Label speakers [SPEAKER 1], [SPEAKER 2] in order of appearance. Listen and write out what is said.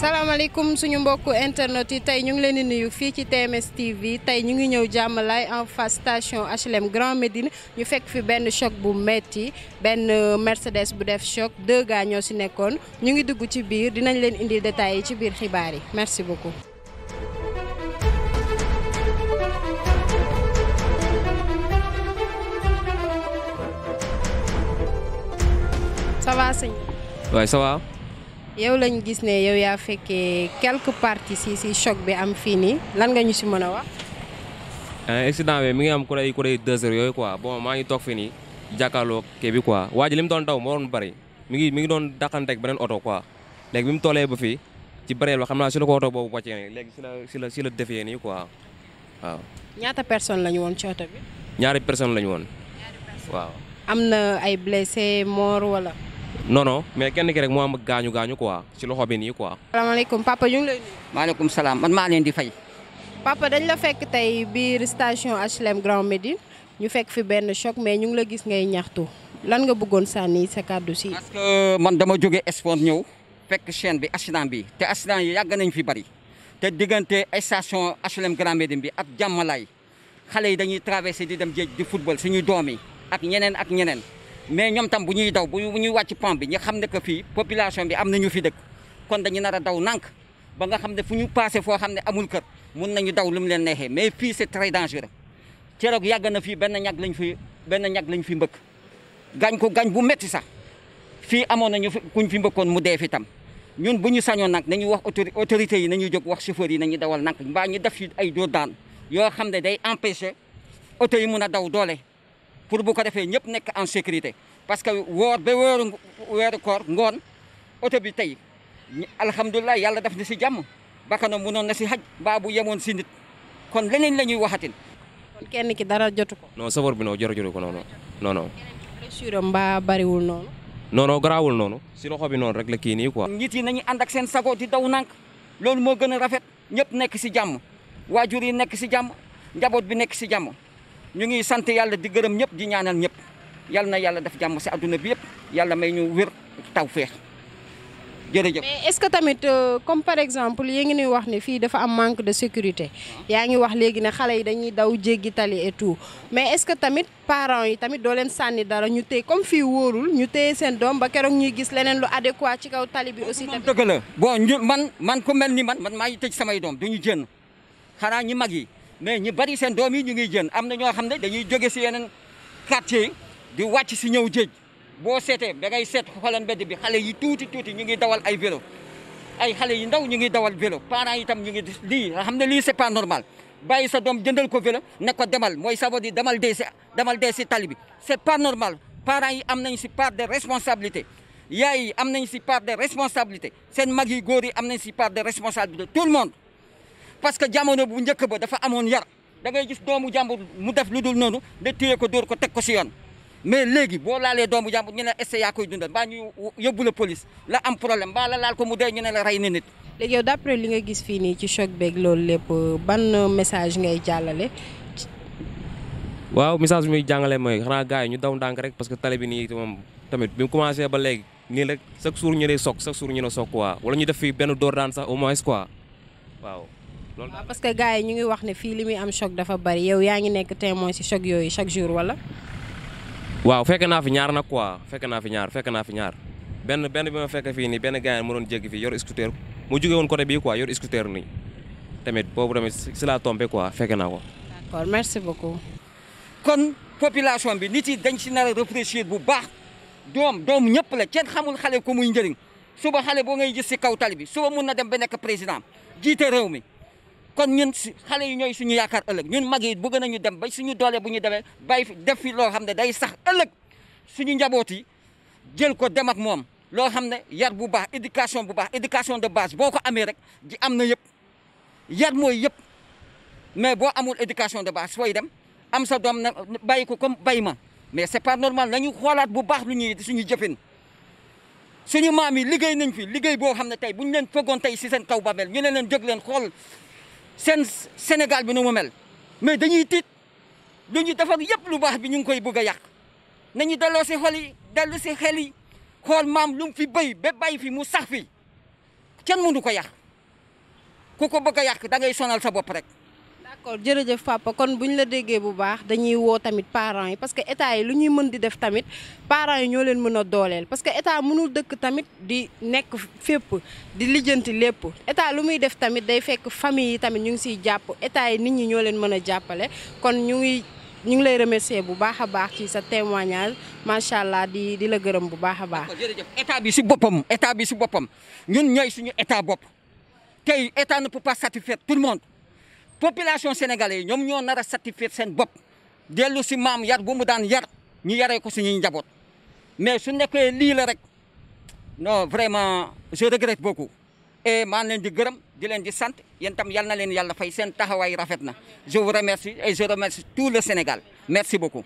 [SPEAKER 1] salaamaaleykum suñu mbokku internet yi tey ñu ngi leen di nuyu fii ci TMS TV tey ñu ngi ñëw jàmmalaay en face station HLM Grand Médine ñu fekk fi benn choc bu metti benn Mercedes bu def choc deux ñoo si nekkoon ñu ngi dugg ci biir dinañ leen indi détails yi ci biir xibaar yi merci beaucoup. yow lañ gis ne yow yaa fekkee quelques parties si si choc bi am fii nii lan nga ñu si mën a wax.
[SPEAKER 2] Euh, accident bi mi ngi am ku lay ku lay deux heures yooyu quoi bon maa ngi toog fii nii jàkkaarloo kii bi quoi waa ji li mu doon daw moo doon bëri mi ngi mi ngi doon daqanteeg beneen oto quoi léegi bi mu tollee ba fi ci bëreel ba xam naa si la ko oto boobu wàccee nii léegi si la si la si la defee nii quoi waaw.
[SPEAKER 1] ñaata personne la ñu woon ci oto bi.
[SPEAKER 2] ñaari personne la ñu woon. waaw.
[SPEAKER 1] am na ay
[SPEAKER 2] non mais kenn gi rek moo am gaañu gaañu quoi ci
[SPEAKER 3] loxo bi nii quoi.
[SPEAKER 1] salaamaaleykum papa ñu
[SPEAKER 3] ngi salaam man maa leen di fay.
[SPEAKER 1] papa dañ la fekk tey biir station HLM Grand Médine ñu fekk fi benn choc mais ñu ngi la gis ngay ñaxtu lan nga bëggoon sànni sa kàddu si. parce
[SPEAKER 3] que man dama jóge Espoir ñëw fekk chaîne bi accident bi te accident yi yàgg nañ fi bari te diggante station HLM Grand Médine bi ak jàmmalaay xale yi dañuy traversé di dem géej di football suñuy doom yi ak ñeneen ak ñeneen. mais ñoom tam bu ñuy daw bu ñuy wàcc pont bi ñu xam ne que fii population bi am na ñu fi dëkk kon dañu nar a daw nànk ba nga xam ne fu ñu passé foo xam ne amul kër mun nañu daw lu mu leen neexee mais fii c'est très dangereux ceroog yàgg na fii benn ñag lañ fi benn ñag lañ fi mbëkk gañ ko gañ bu métti sax fii amoon nañu kuñ fi mbëkkoon mu dee fi tam ñun bu ñu sañoon nag nañu wax autorité yi na nañu jog wax chauffeur yi nañu dawal nag mbaa ñu def fi ay dóor daan yoo xam ne day empêcher oto yi mun a daw doole pour bu ko defee ñëpp nekk en sécurité parce que woor be weeru weeru koor ngoon oto bi tey alhamdulilah yàlla def na si jàmm bakana mënoon na si xaj mbaa bu yemoon si nit kon leneen la ñuy waxatin kenn ki dara jot ko
[SPEAKER 2] non safar bi non joro jotu ko noonu non non
[SPEAKER 3] blessure mbaa bariwul noonu
[SPEAKER 2] non non noonu si loxo bi noonu rek la kii nii quoi
[SPEAKER 3] nit yi nañu ànd ak seen sago di daw nànk loolu moo gën a rafet ñëpp nekk si jàmm waajur yi nekk si jàmm njaboot bi nekk si jàmm ñu ngi sant yàlla di gërëm ñëpp di ñaanal ñëpp yal na yàlla def jàmm si adduna bi yëpp yàlla may ñu wér taw feex jërëjëf mais
[SPEAKER 1] est-ce que tamit euh, comme par exemple yi ngi nuy wax ne fii dafa am manque de sécurité ah. yaa ngi wax léegi ne xale yi dañuy daw jéggi tali et mais est-ce que tamit parents yi tamit doo leen sànni dara ñu téye comme fii wóorul ñu téye seen doom ba keroog ñuy gis leneen lu adéquat ci kaw tali bi aussi tamit
[SPEAKER 3] dëgg la bon ñu man man ku mel ni man man maa ngi tëj samay doom duñu jënn ñi mag yi mais ñi bari seen doom yi ñu ngiy jën am na ñoo xam ne dañuy jóge si yeneen quartier yi di wàcc si ñëw jéej boo seetee da ngay seet xoolal mbedd bi xale yi tuuti tuuti ñu ngi dawal ay velo ay xale yi ndaw ñu ngi dawal vélo parents yi tam ñu ngi lii xam ne lii c'est pas normal bàyyi sa doom jëndal ko vélo ne ko demal mooy ça veut demal dee si demal dee si tali bi c'est pas normal parents yi am nañ si part de responsabilité yaay yi am nañ si part de responsabilité seen mag yi góor yi am nañ si par de responsabilité tout le monde parce que jamono bu njëkk ba dafa amoon yar dangay ngay gis doomu jàmbur mu def lu dul noonu nga téye ko dóor ko teg ko si yoon mais léegi boo laalee doomu jàmbur ñu ne essai yaa koy dundal mbaa ñu yóbbu la police la am problème mbaa la laal ko mu dee ñu ne la rey na nit.
[SPEAKER 1] léegi yow li nga gis fii nii ci choc beeg loolu lépp ban message ngay jàllale.
[SPEAKER 2] waaw message muy jàngale mooy xanaa ñu daw ndànk rek parce que tali bi nii moom tamit bi mu commencé ba léegi nii rek chaque jour ñu ne soog chaque jour ñu ne soog quoi wala ñu def fi benn dóor daan sax au moins quoi
[SPEAKER 1] waaw. loolu waaw parce que gars yi ñu ngi wax ne fii li muy am choc dafa bari yow yaa ngi nekk témoin ci choc yooyu chaque jour wala.
[SPEAKER 2] waaw fekke naa fi ñaar nag quoi fekk naa fi ñaar naa fi ñaar benn benn bi ma fekk fii nii benn gars mu doon jéggi fii yor scooter mu jóge woon côté bii quoi yor scooter nii tamit boobu tamit si laa tombé quoi fekk naa ko.
[SPEAKER 3] merci beaucoup. kon population bi nit yi dañ si nar a réfléchir bu baax doom doom ñëpp la kenn xamul xale ko muy njëriñ suba xale boo ngay gis si kaw tali bi suba mun na dem ba nekk président jiite réew mi. kon ñun si xale yi ñooy suñu yaakaar ëllëg ñun mag yi bëgg nañu dem ba suñu doole bu ñu demee bay def fi loo xam ne day sax ëllëg suñu njaboot yi jël ko dem ak moom loo xam ne yar bu baax éducation bu baax éducation de base boo ko amee rek ji am na yëpp yar mooy yëpp mais boo amul éducation de base fooy dem am sa doom na bàyyi ko comme bay ma mais c'est pas normal nañu xoolaat bu baax lu ñuy suñu jëfin suñu maam yi liggéey nañ fi liggéey boo xam ne tey bu ñu leen fëggoon tey si seen kaw bàmmeel ñu leen jóg leen xool seen Sénégal bi nu mu mel mais dañuy tiit lu ñu defar yëpp lu baax bi ñu ngi koy bëgg a yàq nañu delloo si xol yi dellu si xel yi xool maam lu mu fi béy ba bàyyi fi mu sax fi kenn mënu ko yàq ku ko bëgg a yàq da ngay sonal sa bopp rek
[SPEAKER 1] d'accord jërëjëf papa kon bu ñu la déggee bu baax dañuy woo tamit parents yi parce que état yi lu ñuy mën di def tamit parents yi ñoo leen mën a dooleel parce que état mënul dëkk tamit di nekk fépp di lijjanti lépp état lu muy def tamit day fekk famille yi tamit ñu ngi siy jàpp état yi nit ñi ñoo leen mën a jàppale kon ñu ngi ñu ngi lay remercier bu baax a baax ci sa témoignage macha allah di di la gërëm bu baax a baax.
[SPEAKER 3] état bi si boppam état bi si boppam ñun ñooy suñu état bopp tey état ne peut pas satisfaire population sénégalais yi ñoom ñoo nar a satisfaire seen bopp dellu si maam yar bu mu daan yar ñu yaree ko suñuy njaboot mais su nekkee lii la rek no vraiment je regrette beaucoup et maa leen di gërëm di leen di sant yéen tam yal na leen yàlla fay seen taxawaay rafet na je vous remercie et je remercie tout le Sénégal merci beaucoup